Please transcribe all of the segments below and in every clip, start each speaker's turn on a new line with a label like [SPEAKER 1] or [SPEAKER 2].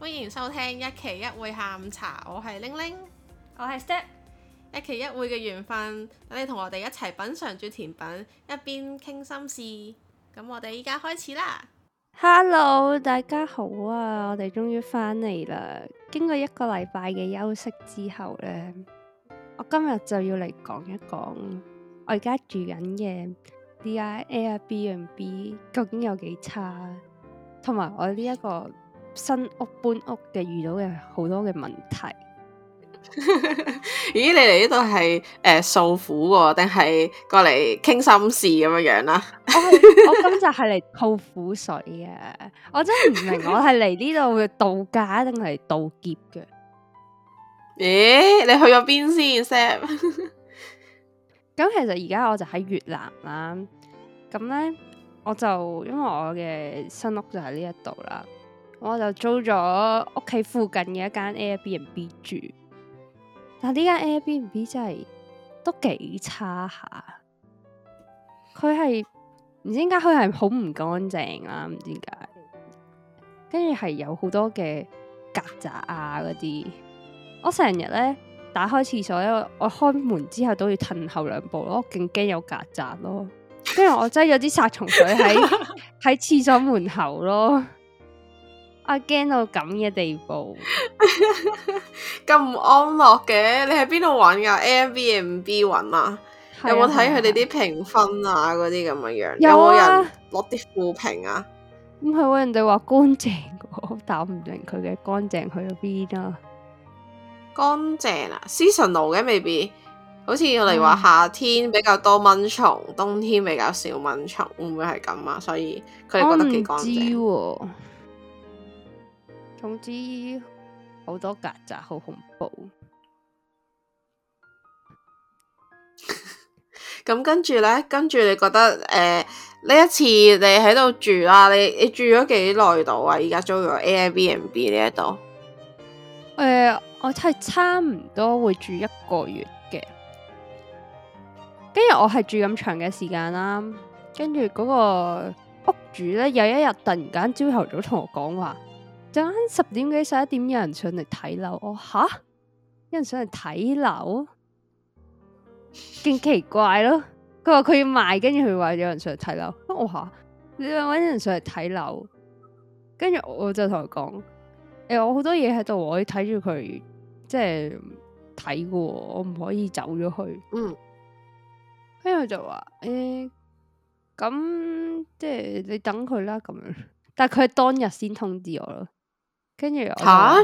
[SPEAKER 1] 歡迎收聽一期一會下午茶，我係玲玲，我係 Step，一期一會嘅緣分，等你同我哋一齊品嘗住甜品，一邊傾心事。咁我哋依家開始啦。
[SPEAKER 2] Hello，大家好啊，我哋終於返嚟啦，經過一個禮拜嘅休息之後呢。我今日就要嚟講一講，我而家住緊嘅 Airbnb 究竟有幾差，同埋我呢一個新屋搬屋嘅遇到嘅好多嘅問題。 咦？你嚟
[SPEAKER 1] 呢度係誒訴苦喎，定、呃、係過嚟傾心事咁樣樣啦 ？
[SPEAKER 2] 我今集係嚟吐苦水嘅。我真係唔明我，我係嚟呢度度假定嚟盜劫嘅？咦、欸？你去
[SPEAKER 1] 咗邊先？Sam
[SPEAKER 2] 咁其實而家我就喺越南啦。咁咧，我就因為我嘅新屋就喺呢一度啦，我就租咗屋企附近嘅一間 Airbnb 住。但呢間 Airbnb 真係都幾差下，啊，佢係唔知點解佢係好唔乾淨啦，唔知點解。跟住係有好多嘅曱甴啊嗰啲。我成日咧打開廁所咧，我開門之後都要褪後兩步咯，我勁驚有曱甴咯。跟住 我擠咗啲殺蟲水喺喺廁所門口咯，啊驚到咁嘅地步，咁唔 安樂嘅。你喺邊度揾㗎
[SPEAKER 1] ？Airbnb 揾啊？
[SPEAKER 2] 有冇睇佢哋
[SPEAKER 1] 啲評分啊？嗰啲咁嘅樣，有冇人落啲負評啊？
[SPEAKER 2] 唔係話人哋話乾淨，我打唔明佢嘅乾淨去咗邊啊？
[SPEAKER 1] 乾淨啊！Seasonal 嘅未必，好似我哋話夏天比較多蚊蟲，嗯、冬天比較少蚊蟲，會
[SPEAKER 2] 唔會係咁啊？所以佢哋覺得幾乾淨。總之好多曱甴，好恐怖。
[SPEAKER 1] 咁 跟住咧，跟住你覺得誒，呢一次你喺度住啊？你你住咗幾耐度啊？而家租咗 Airbnb
[SPEAKER 2] 呢一度。誒、呃。我係差唔多會住一個月嘅，跟住我係住咁長嘅時間啦。跟住嗰個屋主咧，有一日突然間朝頭早同我講話，陣間十點幾十一點有人上嚟睇樓。我吓，有人上嚟睇樓，勁奇怪咯。佢話佢要賣，跟住佢話有人上嚟睇樓。我吓，你又搵人上嚟睇樓，跟住我就同佢講，誒，我好多嘢喺度，我要睇住佢。即係睇過，我唔可以走咗去。嗯，跟住就話，誒，咁即係你等佢啦咁樣。但係佢係當日先通知我咯。跟住我吓，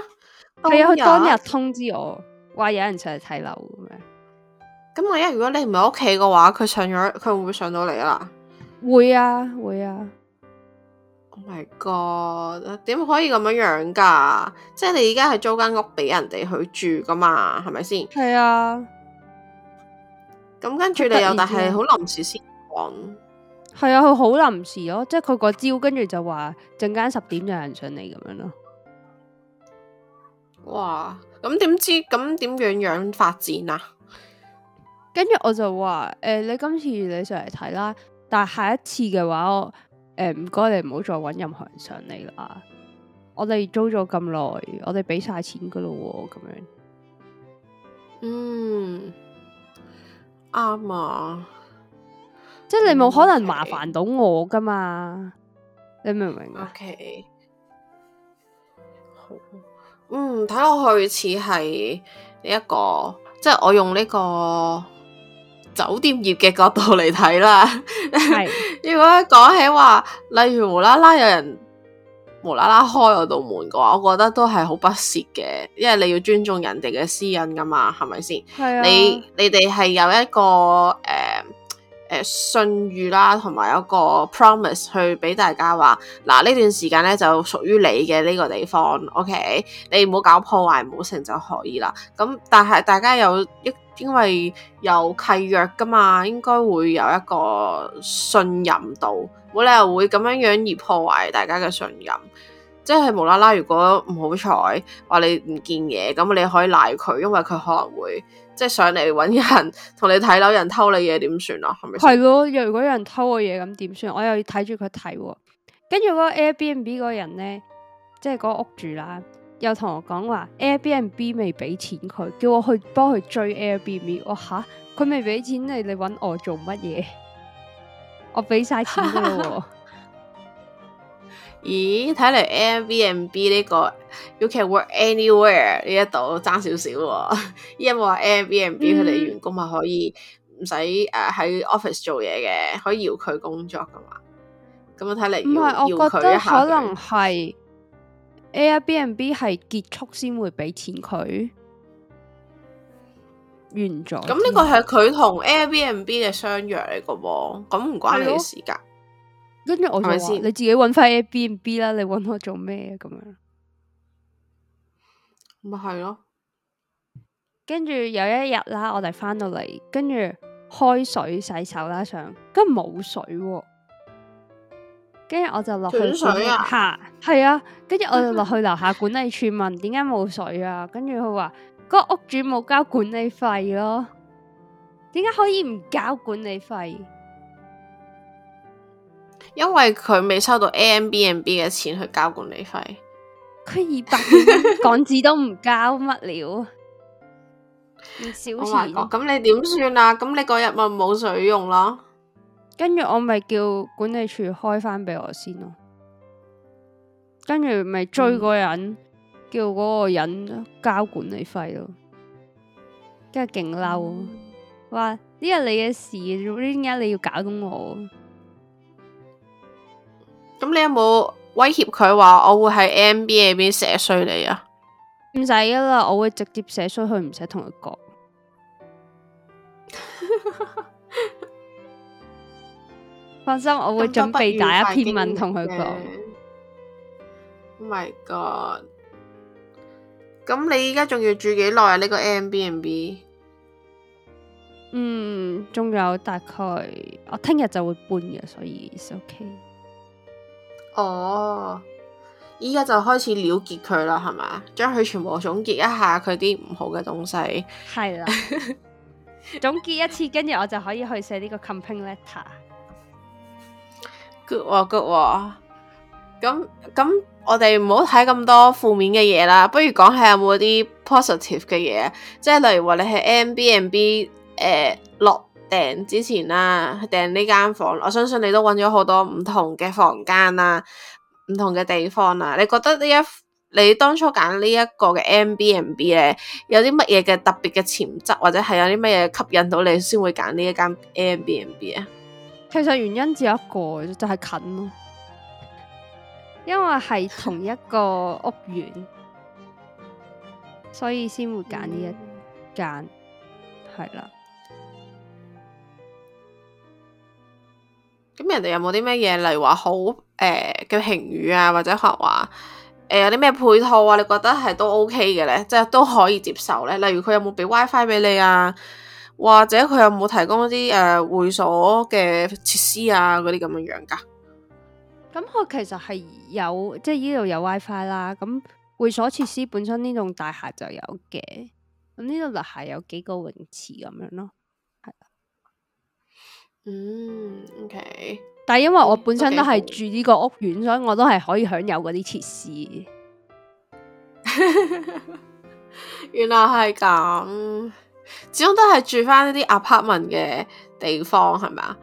[SPEAKER 2] 係啊，佢、哦、當日通知我，話有人上嚟睇樓咁樣。
[SPEAKER 1] 咁萬一如果你唔喺屋企嘅話，佢上咗，佢會唔會上到嚟啊？會啊，會啊。My God 點可以咁樣樣噶？即係你而家係租間屋俾人哋去住噶嘛？係咪先？係啊。
[SPEAKER 2] 咁跟住你又但係好臨
[SPEAKER 1] 時先講，
[SPEAKER 2] 係啊，佢好臨時咯、哦。即係佢個朝，跟住就話陣間十點有人上嚟咁樣咯。
[SPEAKER 1] 哇！咁點知咁點樣樣發展啊？
[SPEAKER 2] 跟住我就話誒、呃，你今次你上嚟睇啦，但係下一次嘅話我。誒，唔該，你唔好再揾任何人上嚟啦。我哋租咗咁耐，我哋俾晒錢噶咯，咁樣。嗯，啱啊。即係你冇可能麻煩到我噶嘛？Okay. 你明唔明啊？OK。Okay.
[SPEAKER 1] 好，嗯，睇落去似係一個，即係我用呢個。酒店業嘅角度嚟睇啦，如果講起話，例如無啦啦有人無啦啦開我度門嘅話，我覺得都係好不屑嘅，因為你要尊重人哋嘅私隱噶嘛，係咪先？係、啊、你你哋係有一個誒誒、呃呃、信譽啦，同埋一個 promise 去俾大家話，嗱呢段時間咧就屬於你嘅呢個地方，OK，你唔好搞破壞，唔好成就可以啦。咁但係大家有一。因為有契約㗎嘛，應該會有一個信任度，冇理由會咁樣樣而破壞大家嘅信任。即係無啦啦，如果唔好彩話你唔見嘢，咁你可以賴佢，因為佢可能會即係上嚟揾人同你睇樓，人偷你嘢點算啊？係咪？係
[SPEAKER 2] 咯，如果有人偷我嘢，咁點算？我又要睇住佢睇喎。跟住嗰個 Airbnb 嗰個人呢，即係嗰個屋住啦。又同我講話 Airbnb 未俾錢佢，叫我去幫佢追 Airbnb 我我。我吓佢未俾錢你，你揾我做乜嘢？我俾晒錢咯。咦？
[SPEAKER 1] 睇嚟 Airbnb 呢、這個 You can work anywhere 呢一度爭少少。因為冇話 Airbnb 佢哋、嗯、員工咪可以唔使誒喺 office 做嘢嘅，可以搖佢工作嘅嘛。咁是我睇嚟搖搖佢可能
[SPEAKER 2] 佢。Airbnb 係結束先會俾錢佢完咗，咁呢個係
[SPEAKER 1] 佢同 Airbnb 嘅相約嚟噶噃，咁唔關你事㗎，
[SPEAKER 2] 跟住我咪先吧，你自己揾翻 Airbnb 啦，你揾我做咩咁樣？咪係咯。跟住有一日啦，我哋翻到嚟，跟住開水洗手啦，上跟住冇水。跟住我就落去水啊吓，係啊！跟住、啊、我就落去樓下管理處問點解冇水啊！跟住佢話嗰屋主冇交管理費咯、啊，點解可以唔交管理費？
[SPEAKER 1] 因為佢未收到 Airbnb 嘅錢去交管理費，佢
[SPEAKER 2] 二百港紙 都唔交乜了，唔少錢。咁
[SPEAKER 1] 你點算啊？咁你嗰日咪冇水用咯。
[SPEAKER 2] 跟住我咪叫管理處開翻俾我先咯，跟住咪追個人，嗯、叫嗰個人交管理費咯，跟住勁嬲，話呢個係你嘅事，點解你要搞到我？咁你有冇威脅佢話我會喺 M B A 邊寫衰你啊？唔使啦，我會直接寫衰佢，唔使同佢講。 放心，我會準備打一篇文同佢講。Oh
[SPEAKER 1] my god！咁你依家仲要住幾耐啊？呢、這個 Airbnb
[SPEAKER 2] 嗯，仲有大概，我聽日就會搬嘅，所以 it's OK。哦，
[SPEAKER 1] 依家就開始了結佢啦，係嘛？將佢全部總結一下，佢啲唔好嘅東西。係啦，
[SPEAKER 2] 總結一次，跟住我就可以去寫呢個 complain letter。
[SPEAKER 1] good 喎 good 喎。咁咁我哋唔好睇咁多負面嘅嘢啦，不如講下有冇啲 positive 嘅嘢，即係例如話你喺 Airbnb 誒落訂之前啦，訂呢間房，我相信你都揾咗好多唔同嘅房間啦，唔同嘅地方啦。你覺得呢一你當初揀呢一個嘅 Airbnb 咧，有啲乜嘢嘅特別嘅潛質，或者係有啲乜嘢吸引到你，先會揀呢一間 Airbnb 啊？N b?
[SPEAKER 2] 其實原因只有一個，就係、是、近咯，因為係同一個屋苑，所以先會揀呢一間，係啦。咁人哋有冇啲咩
[SPEAKER 1] 嘢，例如話好誒嘅評語啊，或者可能話誒、呃、有啲咩配套啊，你覺得係都 OK 嘅咧，即係都可以接受咧。例如佢有冇俾 WiFi 俾你啊？或者佢有冇提供一啲誒、呃、會所嘅設施啊？嗰啲咁嘅樣噶？
[SPEAKER 2] 咁佢其實係有，即係呢度有 WiFi 啦。咁會所設施本身呢棟大廈就有嘅。咁呢度樓下有幾個泳池咁樣咯。係啊。嗯、mm，OK。但係因為我本身都係住呢個屋苑，所以我都係可以享有嗰啲設施。
[SPEAKER 1] 原來係咁。始終都係住翻一啲 apartment 嘅地方係嘛，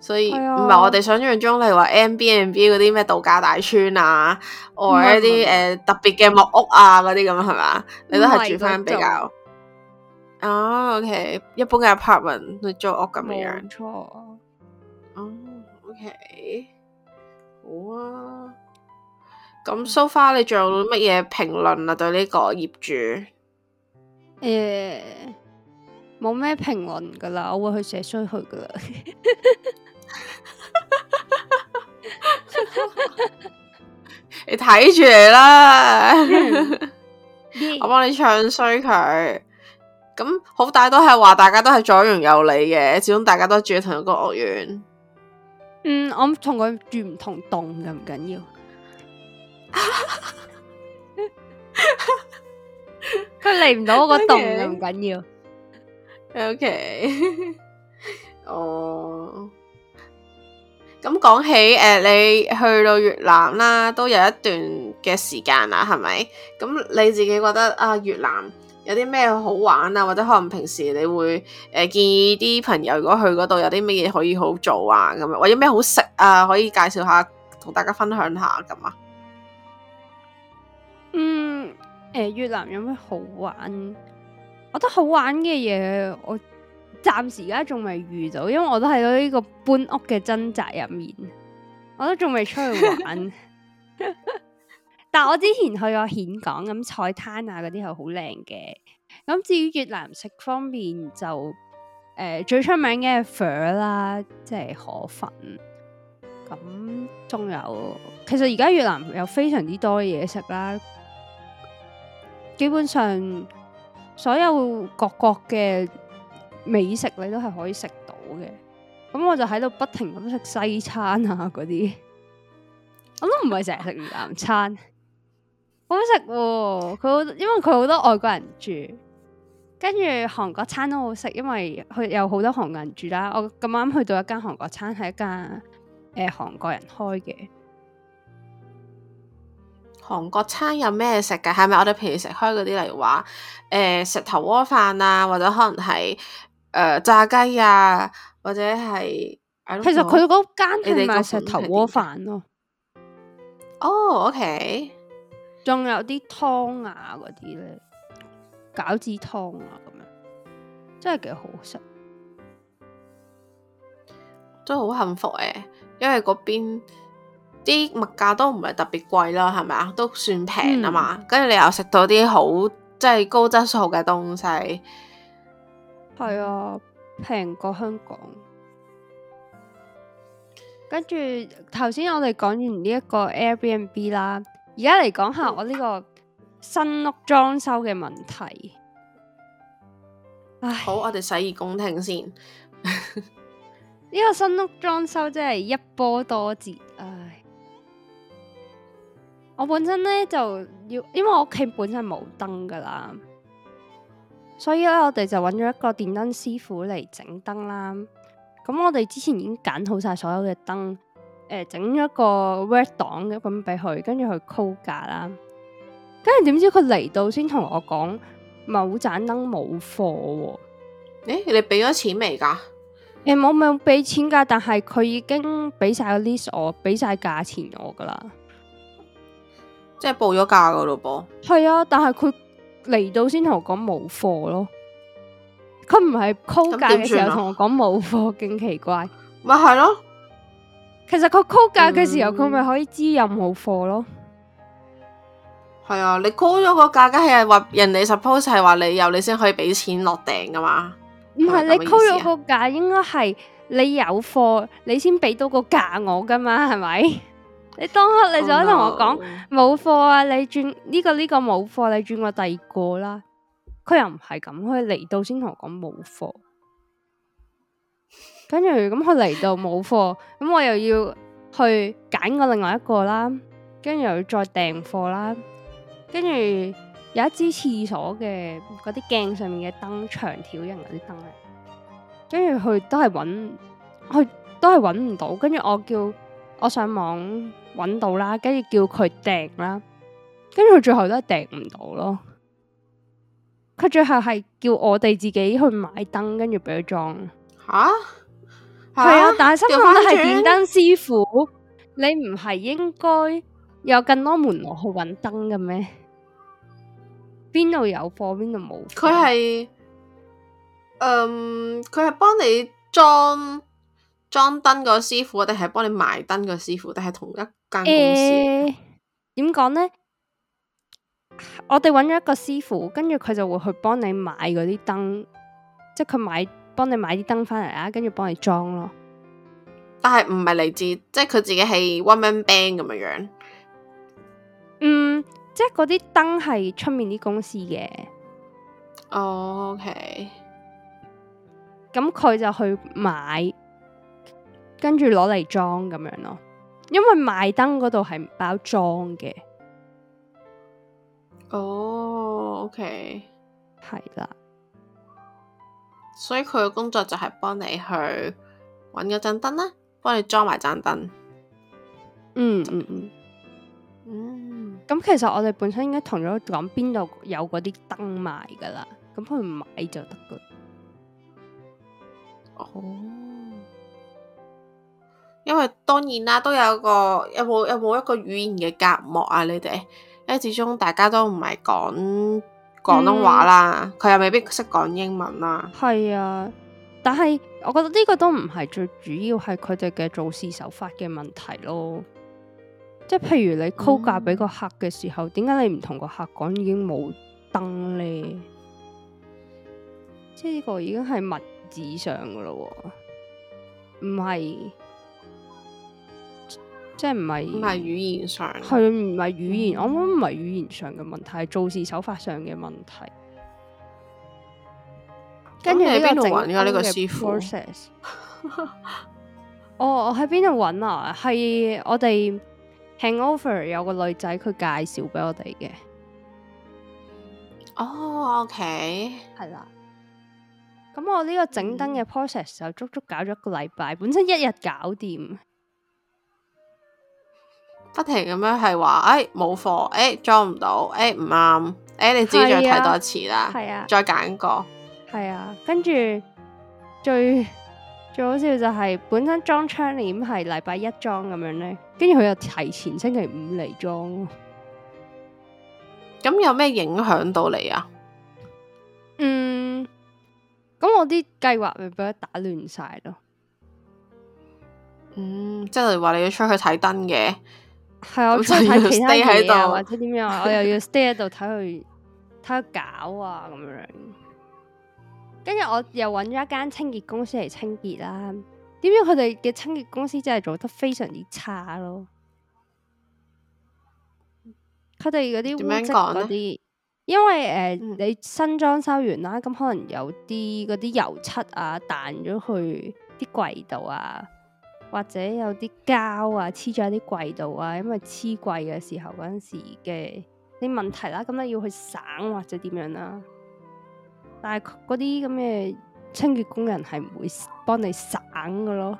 [SPEAKER 1] 所以唔係、啊、我哋想象中，例如話 Airbnb 嗰啲咩度假大村啊，是或者一啲誒是、呃、特別嘅木屋啊嗰啲咁啊咪？嘛，是你都係住翻比較，哦是、啊、，OK，一般嘅 apartment 去租屋咁樣，唔錯，OK
[SPEAKER 2] 好啊，
[SPEAKER 1] 咁 so far 你仲有乜嘢評論啊？對呢個業主，誒。Yeah.
[SPEAKER 2] 冇咩評論噶啦，我會去寫衰佢噶啦。你睇住嚟啦，
[SPEAKER 1] 我幫你唱衰佢。咁好大都係話，大家都係左鄰右里嘅，始終大家都住喺同一個屋苑。
[SPEAKER 2] 嗯，我同佢住唔同棟嘅，唔緊要。佢嚟唔到我個棟嘅，唔緊要。
[SPEAKER 1] OK， 哦，咁講起誒、呃，你去到越南啦，都有一段嘅時間啦，係咪？咁你自己覺得啊、呃，越南有啲咩好玩啊？或者可能平時你會誒、呃、建議啲朋友，如果去嗰度有啲咩嘢可以好做啊，咁樣或者咩好食啊，可以介紹下同大家分享下咁啊？嗯，
[SPEAKER 2] 誒、呃，越南有咩好玩？我覺得好玩嘅嘢，我暫時而家仲未遇到，因為我都喺咗呢個搬屋嘅掙扎入面，我都仲未出去玩。 但係我之前去過岘港咁，菜灘啊嗰啲係好靚嘅。咁至於越南食方面就、就、呃、誒最出名嘅係粉啦，即係河粉。咁仲有，其實而家越南有非常之多嘢食啦，基本上。所有各國嘅美食你都係可以食到嘅，咁我就喺度不停咁食西餐啊嗰啲，我都唔係成日食南餐，好好食喎！佢因為佢好多外國人住，跟住韓國餐都好好食，因為佢有好多韓國人住啦。我咁啱去到一間韓國餐，係一間誒韓國人開嘅。韓國餐有咩食㗎？
[SPEAKER 1] 係咪我哋平時食開嗰啲，例如話誒石頭鍋飯啊，或者可能係誒、呃、炸雞啊，或者係其實佢嗰間係咪石頭鍋
[SPEAKER 2] 飯咯。哦，OK，仲有啲湯啊嗰啲咧，餃子湯啊咁樣，真係幾好食，都好幸福誒，因為嗰
[SPEAKER 1] 邊。啲物價都唔係特別貴啦，係咪啊？都算平啊嘛。跟住、嗯、你又食到啲好即係高質素嘅東西，係、嗯、啊，
[SPEAKER 2] 平過香港。跟住頭先我哋講完呢一個 Airbnb 啦，而家嚟講下我呢個新屋裝修嘅問題。唉，好，我哋洗耳恭聽先。呢 個新屋裝修真係一波多折啊！我本身咧就要，因為我屋企本身冇燈噶啦，所以咧我哋就揾咗一個電燈師傅嚟整燈啦。咁、嗯、我哋之前已經揀好晒所有嘅燈，誒、呃，整咗個 red 檔咁俾佢，跟住佢 call 價啦。跟住點知佢嚟到先同我講某盞燈冇貨喎？誒、啊
[SPEAKER 1] 欸，你俾咗錢未噶？
[SPEAKER 2] 誒、嗯，我冇要俾錢噶，但係佢已經俾晒個 list 我，俾晒價錢我噶啦。
[SPEAKER 1] 即係報咗價噶咯噃，
[SPEAKER 2] 係啊，但係佢嚟到先同我講冇貨咯，佢唔係高價嘅時候同我講冇貨，勁、啊、奇怪，咪係咯、啊。其實佢高價嘅時候，佢咪可以知有冇貨咯。係啊是，你高
[SPEAKER 1] 咗個價，梗係話人哋 suppose 係話你有，你先可以俾錢落訂噶嘛。
[SPEAKER 2] 唔係你高咗個價，應該係你有貨，你先俾到個價我噶嘛，係咪？你當刻你就可以同我講冇貨啊！你轉呢個呢個冇貨，你轉個第二個啦。佢又唔係咁，佢嚟到先同我講冇貨。 跟住咁佢嚟到冇貨，咁我又要去揀個另外一個啦。跟住又要再訂貨啦。跟住有一支廁所嘅嗰啲鏡上面嘅燈長條形嗰啲燈咧，跟住佢都係搵，佢都係搵唔到。跟住我叫。我上網揾到啦，跟住叫佢訂啦，跟住佢最後都係訂唔到咯。佢最後係叫我哋自己去買燈，跟住俾佢裝。吓，係啊，但係新網係電燈師傅，你唔係應該有更多門路去揾燈嘅咩？邊度有貨邊度冇？佢係，嗯，
[SPEAKER 1] 佢係幫你裝。裝燈個師傅，定係幫你買燈個
[SPEAKER 2] 師傅，定係同一間公司？點講、呃、呢？我哋揾咗一個師傅，跟住佢就會去幫你買嗰啲燈，即係佢買幫你買啲燈翻嚟啊，跟住幫你裝咯。
[SPEAKER 1] 但係唔係嚟自，即係佢自
[SPEAKER 2] 己係 one man band 咁樣樣。嗯，即係嗰啲燈係出面啲公司嘅。OK，咁佢就去買。跟住攞嚟裝咁樣咯，因為賣燈嗰度係唔包裝嘅。哦、oh,，OK，係啦。
[SPEAKER 1] 所以佢嘅工作就係幫你去搵嗰盞燈啦，幫你裝埋盞燈。
[SPEAKER 2] 嗯嗯嗯。就嗯，咁、嗯、其實我哋本身應該同咗講邊度有嗰啲燈賣噶啦，咁去買就得噶。哦。Oh. 因為當然啦，都
[SPEAKER 1] 有個有冇有冇一個語言嘅隔膜啊，你哋，因為始終大家都唔係講
[SPEAKER 2] 廣東話啦，
[SPEAKER 1] 佢、嗯、又未必識講英文啦。
[SPEAKER 2] 係啊，但係我覺得呢個都唔係最主要，係佢哋嘅做事手法嘅問題咯。即、就、係、是、譬如你 call 價俾個客嘅時候，點解、嗯、你唔同個客講已經冇燈呢？即係呢個已經係物質上嘅咯，唔係。即係唔係唔係語言上，佢唔係語言？嗯、我諗唔係語言上嘅問題，係做事手法上嘅問題。咁、嗯、你喺邊度搵噶呢個師傅？ 哦，我喺邊度搵啊？係我哋 Hangover 有個女仔，佢介紹俾我哋嘅。哦，OK，係啦。咁我呢個整燈嘅 process 就足足搞咗一個禮拜，本身一日搞掂。
[SPEAKER 1] 不停咁樣係話，誒冇貨，誒裝唔到，誒唔啱，
[SPEAKER 2] 誒、哎哎，你自己再睇多一次
[SPEAKER 1] 啦，係啊，再
[SPEAKER 2] 揀個，係啊，跟住最最好笑就係本身裝窗簾係禮拜一裝咁樣咧，跟住佢又提前星期五嚟裝，咁有
[SPEAKER 1] 咩影響到你啊？
[SPEAKER 2] 嗯，咁我啲計劃咪俾佢打亂晒咯？嗯，
[SPEAKER 1] 即係話你要出去
[SPEAKER 2] 睇燈嘅。係我中意睇其他嘢啊，或者點樣，啊，我又要 stay 喺度睇佢睇佢搞啊咁樣。跟住我又揾咗一間清潔公司嚟清潔啦。點知佢哋嘅清潔公司真係做得非常之差咯。佢哋嗰啲污漬嗰啲，因為誒、呃嗯、你新裝修完啦，咁可能有啲嗰啲油漆啊彈咗去啲櫃度啊。或者有啲膠啊，黐咗啲櫃度啊，因為黐櫃嘅時候嗰陣時嘅啲問題啦，咁你要去省或者點樣啦，但係嗰啲咁嘅清潔工人係唔會幫你省㗎咯，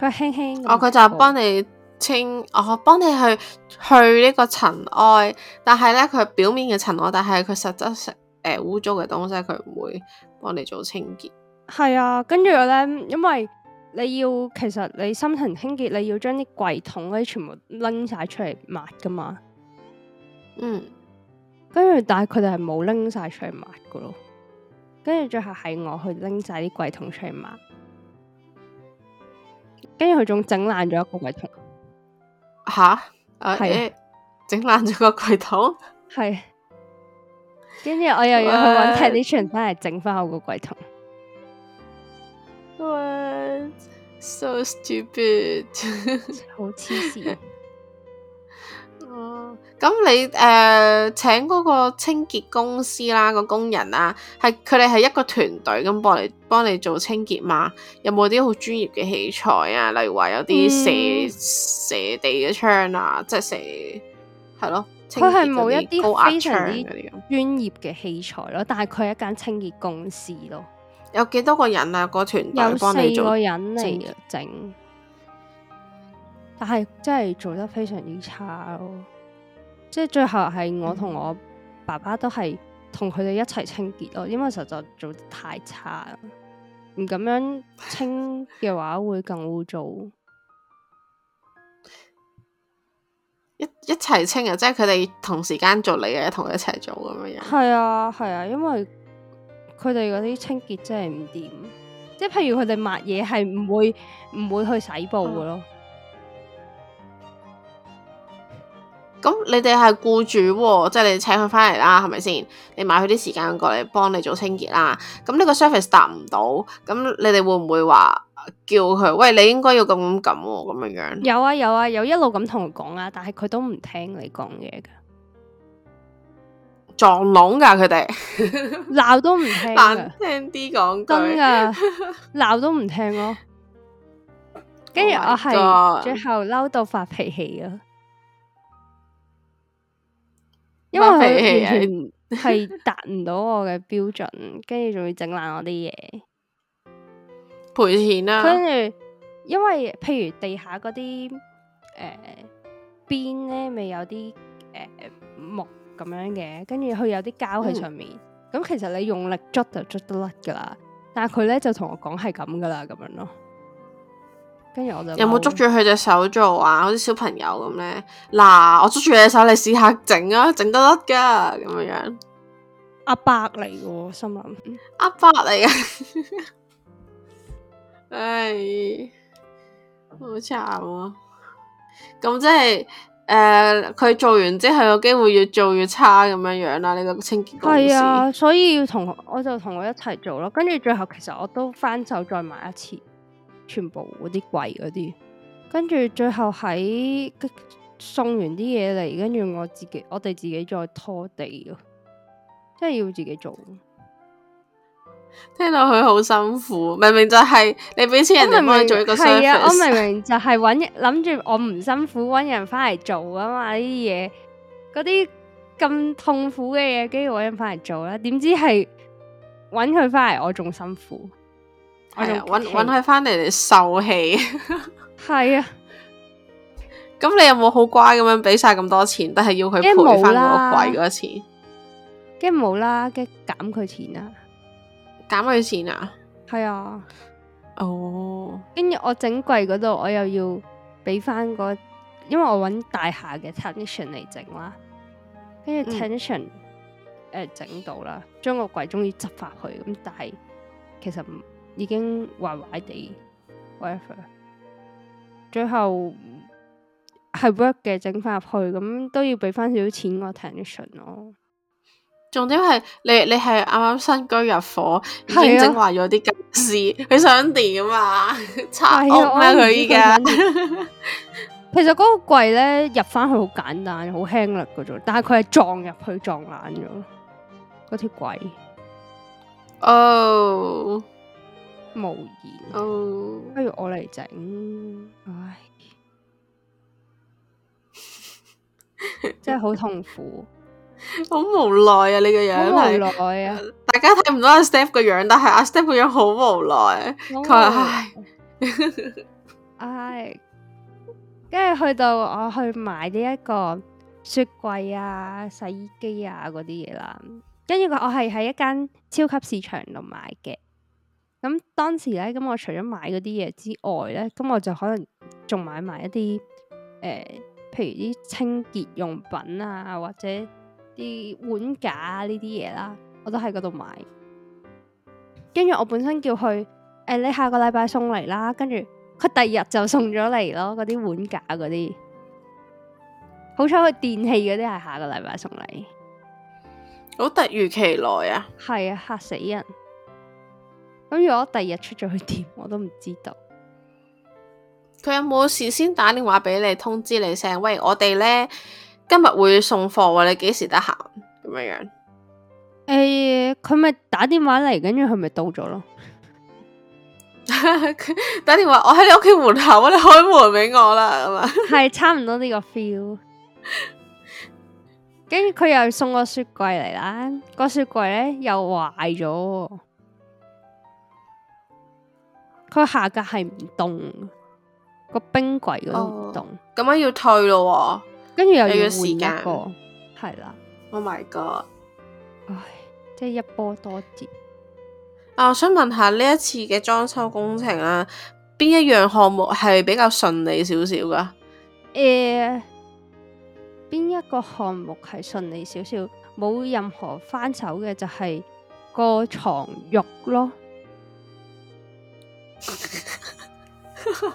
[SPEAKER 2] 佢輕輕哦，佢就係幫你清，哦幫你去去呢個塵埃，
[SPEAKER 1] 但係咧佢表面嘅塵埃，但係佢實質係誒污糟嘅東西，佢唔會
[SPEAKER 2] 幫你做清潔。係啊，跟住咧，因為。你要其實你深層清潔，你要將啲櫃桶咧全部拎晒出嚟抹噶嘛？嗯，跟住但係佢哋係冇拎晒出嚟抹噶咯，跟住最後係我去拎晒啲櫃桶出嚟抹，跟住佢仲整爛咗一個櫃桶。吓？係整爛咗個櫃桶？係、啊。跟住我又要去揾 technician 翻嚟整翻我個櫃桶。
[SPEAKER 1] 啊啊 so stupid， 好黐線。哦、 嗯，咁你誒，uh, 請嗰個清潔公司啦，那個工人啊，係佢哋係一個團隊咁幫你幫你做清潔嘛？有冇啲好專業嘅器材啊？例如話有啲射、嗯、射地嘅窗啊，即係射係咯。佢係冇一啲高壓槍嗰啲咁
[SPEAKER 2] 專業嘅器材咯，但係佢係一間清潔公司咯。
[SPEAKER 1] 有幾多個人
[SPEAKER 2] 啊？個團隊幫你做？有四個人嚟整，但係真係做得非常之差咯。即係最後係我同我爸爸都係同佢哋一齊清潔咯， 因為實在做得太差，唔咁樣清嘅話會更污糟。。 一、一齊清 啊！即係佢哋同
[SPEAKER 1] 時間做你嘅，同佢一齊做咁樣樣。
[SPEAKER 2] 係啊係啊，因為。佢哋嗰啲清潔真係唔掂，即係譬如佢哋抹嘢，係唔會唔會去洗布嘅咯。咁、嗯、你哋係僱
[SPEAKER 1] 主，即係你請佢翻嚟啦，係咪先？你買佢啲時間過嚟幫你做清潔啦。咁呢個 service 達唔到，咁你哋會唔會話叫佢？喂，你應該要咁咁咁咁樣樣。
[SPEAKER 2] 有啊有啊有，一路咁同佢講啊，但係佢都唔聽你講嘢嘅。撞聾噶佢哋，鬧都唔聽，難聽
[SPEAKER 1] 啲講句，真噶、啊，
[SPEAKER 2] 鬧都唔聽咯、
[SPEAKER 1] 啊。跟住、oh、我係最
[SPEAKER 2] 後嬲到發脾氣啊，因為佢完全係達唔到我嘅標準，跟住仲要整爛我啲嘢，賠錢啦。跟住因為譬如地下嗰啲誒邊咧，咪、呃、有啲誒、呃、木。咁樣嘅，跟住佢有啲膠喺上面，咁、嗯、其實你用力捉就捉得甩噶啦。但係佢咧就同我講係咁噶啦，咁樣咯。跟住我就有冇捉住
[SPEAKER 1] 佢隻手做啊？好似小朋友咁咧。嗱，我捉住你隻手，你試下整啊，整得甩噶咁樣樣。
[SPEAKER 2] 阿伯嚟嘅，心諗，阿伯
[SPEAKER 1] 嚟嘅， 唉，好慘啊！咁即係。誒，佢、呃、做完之後有機會越做越差咁樣樣啦，呢、這個清潔公司。係啊，
[SPEAKER 2] 所以要同我就同佢一齊做咯。跟住最後其實我都翻手再買一次，全部嗰啲櫃嗰啲，跟住最後喺送完啲嘢嚟，跟住我自己我哋自己再拖地咯，即係要自己做。
[SPEAKER 1] 聽到佢好辛苦，明明就係你俾錢人哋可以做一個 service, s u r 係啊，我明明
[SPEAKER 2] 就係搵諗住我唔辛苦搵人翻嚟做啊嘛，呢啲嘢，嗰啲咁痛苦嘅嘢，跟住搵人翻嚟做啦，點知係搵佢翻嚟，我仲辛苦，係啊，搵搵佢翻嚟嚟受氣，
[SPEAKER 1] 係 啊，咁 你有冇好乖咁樣俾晒咁多錢，但係要佢賠翻我貴嗰啲錢，
[SPEAKER 2] 梗冇啦，梗減佢錢啊。減佢錢啊！係啊，哦，跟住我整櫃嗰度，我又要俾翻個，因為我揾大廈嘅 technician 嚟整啦，跟住 technician 誒整到啦，將個櫃終於執翻去，咁但係其實已經壞壞地 whatever，最後係 work 嘅整翻入去，咁都要俾翻少少錢個 technician 咯。
[SPEAKER 1] 重點係你你係啱啱新居入伙，啊、已經整壞
[SPEAKER 2] 咗啲傢俬。你想點
[SPEAKER 1] 啊？拆屋咩？佢依家，
[SPEAKER 2] 其實嗰個櫃咧入翻去好簡單，好輕力嘅啫，但係佢係撞入去撞爛咗嗰條櫃。哦，oh. 無言哦，oh. 不如我嚟整，唉， 真係好痛苦。好無奈啊，你個樣好無奈啊。大家
[SPEAKER 1] 睇唔到阿 Step 個樣，但
[SPEAKER 2] 係阿 Step 個樣好無奈，佢話唉，唉，跟住、 啊、去到我去買呢一個雪櫃啊、洗衣機啊嗰啲嘢啦，跟住我我係喺一間超級市場度買嘅，咁當時咧咁、嗯、我除咗買嗰啲嘢之外咧，咁、嗯、我就可能仲買埋一啲誒、呃，譬如啲清潔用品啊或者。啲碗架呢啲嘢啦，我都喺嗰度買。跟住我本身叫佢，誒，你下個禮拜送嚟啦。跟住佢第二日就送咗嚟咯，嗰啲碗架嗰啲。好彩佢電器嗰啲係下個禮拜送嚟，好突如其來啊！係啊，吓死人！咁如果第二日出咗去點，我都唔知道。佢有
[SPEAKER 1] 冇事先打電話俾你通知你聲？喂，我哋咧。今日會送貨，你幾時得閒咁樣樣？
[SPEAKER 2] 誒、欸，佢咪打電話嚟，跟住佢咪到咗咯。 打電話，我喺你屋企門口，你開
[SPEAKER 1] 門俾我啦，係嘛
[SPEAKER 2] 是？係 差唔多呢個 feel。跟住佢又送個雪櫃嚟啦，個雪櫃咧又壞咗。佢下格係唔凍，個冰櫃都唔凍，咁、哦、樣要退咯、哦。跟住又要換一波，係啦。的 Oh my god！唉，即係一波多折。
[SPEAKER 1] 啊，我想問下呢一次嘅裝修工程啊，邊一樣項目係比較順利少少噶？
[SPEAKER 2] 誒、欸，邊一個項目係順利少少，冇任何翻手嘅就係個床褥咯。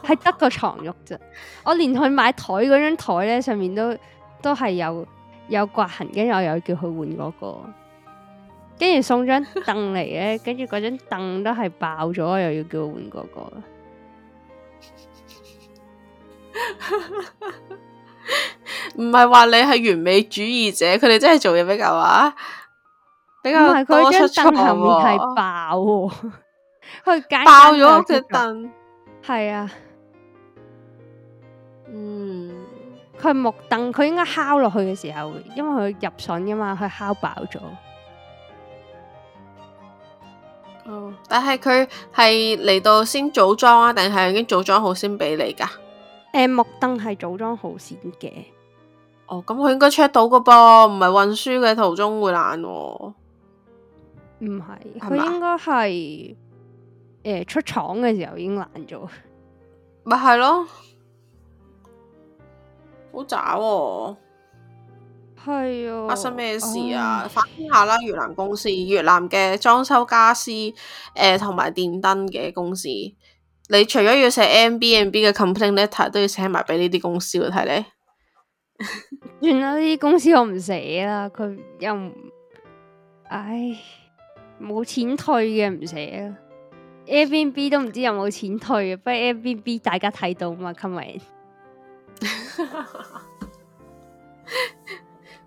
[SPEAKER 2] 係得個床褥啫，我連去買台嗰張台咧，上面都都係有有刮痕，跟住我又叫佢換嗰、嗰個，跟住送張凳嚟咧，跟住嗰張凳都係爆咗，又要叫佢換嗰、嗰個。唔係話你係完美主義者，
[SPEAKER 1] 佢哋真係做嘢比較啊，
[SPEAKER 2] 比較。佢張凳後面係爆，佢、哦、解、哦、爆咗隻凳。 係啊，嗯，佢木凳佢應該敲落去嘅時候，因為佢入榫噶嘛，佢敲爆咗。
[SPEAKER 1] 哦，但係佢係嚟到先組裝啊，定係已經組裝好先俾你噶？
[SPEAKER 2] 誒、欸，木凳係組裝好先嘅。哦，咁佢應該 check 到嘅噃，
[SPEAKER 1] 唔係運輸嘅途中會爛、啊。
[SPEAKER 2] 唔係是，佢嗎應該係。誒，出廠嘅時候已經爛咗，咪係咯，
[SPEAKER 1] 好渣喎，
[SPEAKER 2] 係啊，哎、呦發生咩事啊？哎、呦反
[SPEAKER 1] 天下啦，越南公司，越南嘅裝修家私誒，同、呃、埋電燈嘅公司，你除咗要寫 M B M B 嘅 complaint letter，都要寫埋畀呢啲公
[SPEAKER 2] 司嘅，睇你，原來呢啲公司我唔寫啦，佢又，唔唉，冇錢退嘅唔寫啦。Airbnb 都唔知有冇錢退啊，不過 Airbnb 大家睇到啊嘛，Coming，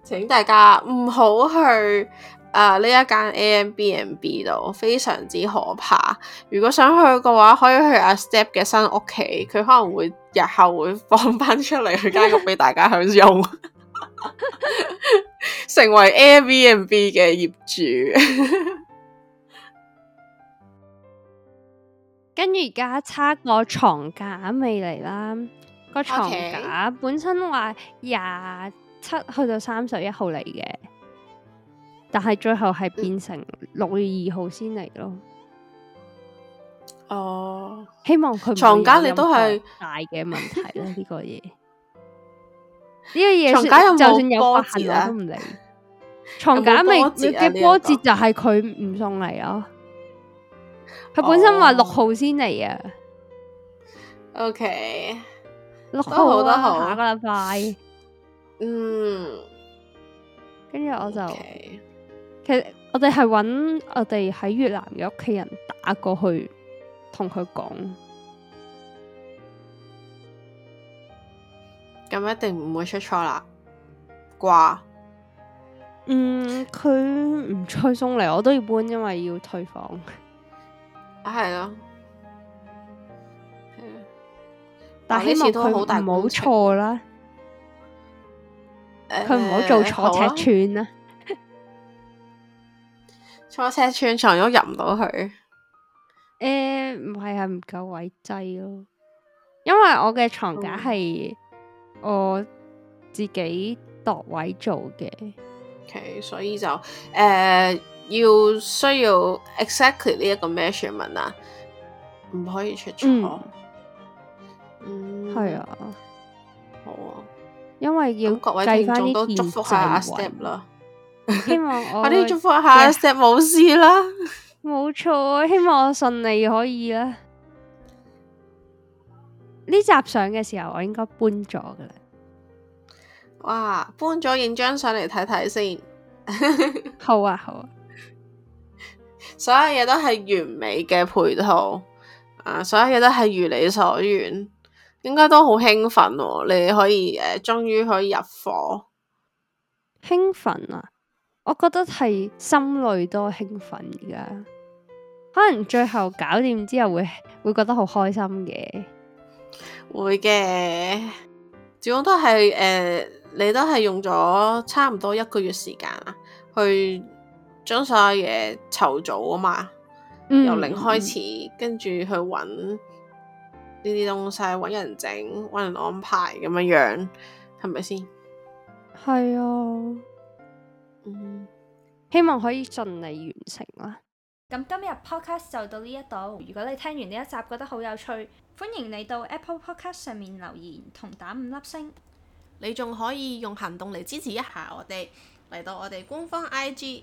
[SPEAKER 2] 請大家
[SPEAKER 1] 唔好去誒呢、呃、一間 Airbnb 度，非常之可怕。如果想去嘅話，可以去阿 Step 嘅新屋企，佢可能會日後會放翻出嚟去間屋俾大家享用，成為 Airbnb 嘅業主。
[SPEAKER 2] 跟住而家差個床架未嚟啦，
[SPEAKER 1] 個床架
[SPEAKER 2] 本身話廿七去到三十一號嚟嘅，但係最後係變成六月二號先嚟咯。哦，希望佢床， 床架你都係大嘅問題啦，呢個嘢呢個嘢床架就算有波折都唔嚟，床架未嘅波折就係佢唔送嚟咯。佢本身話六號先嚟啊，OK，六號日都好，下個禮拜，嗯，跟住我就，Okay. 其實我哋係搵我哋喺越南嘅屋企人打過去，同佢講，
[SPEAKER 1] 咁一定唔會出錯啦，啩，
[SPEAKER 2] 嗯，佢唔再送嚟，我都要搬，因為要退房。係咯，啊、但這希望佢唔好錯啦。佢唔好做錯尺寸啊！錯尺寸，床褥入唔到去。誒、呃，唔係係唔夠位擠咯、啊，因為我嘅床架係我自己度位做嘅、嗯
[SPEAKER 1] ，OK，所以就誒。呃要需要 exactly 呢一個 measurement 啊，唔可以出錯。嗯，係、嗯、啊，
[SPEAKER 2] 好啊，因為要各位聽眾都祝福下 Step 啦了， 希望我啲祝福下 Step 冇事啦，冇錯啊，希望我順利可以啦。呢 集相嘅時候，我應該搬咗噶啦。
[SPEAKER 1] 哇，搬咗影張相嚟睇睇先。 好啊，好啊。所有嘢都係完美嘅配套，啊！所有嘢都係如你所願，應該都好興奮喎、哦！你可以誒、呃，終於可以入伙，
[SPEAKER 2] 興奮啊！我覺得係心累多興奮而家，可能最後搞掂之後會會覺得好開心嘅，會嘅。
[SPEAKER 1] 始終都係誒、呃，你都係用咗差唔多一個月時間啦，去。將所有嘢湊組啊嘛，嗯、由零開始，嗯、跟住去揾呢啲東西，揾人整，揾人安排咁樣樣，係咪先？
[SPEAKER 2] 係啊，嗯，希望可以盡力完成啦。咁今日 podcast 就到呢一度。如果你聽完呢一集覺得好有趣，歡迎你到 Apple Podcast 上面留言同打五粒星。你仲可以用行動嚟支持一下我哋，
[SPEAKER 1] 嚟到我哋官方 IG。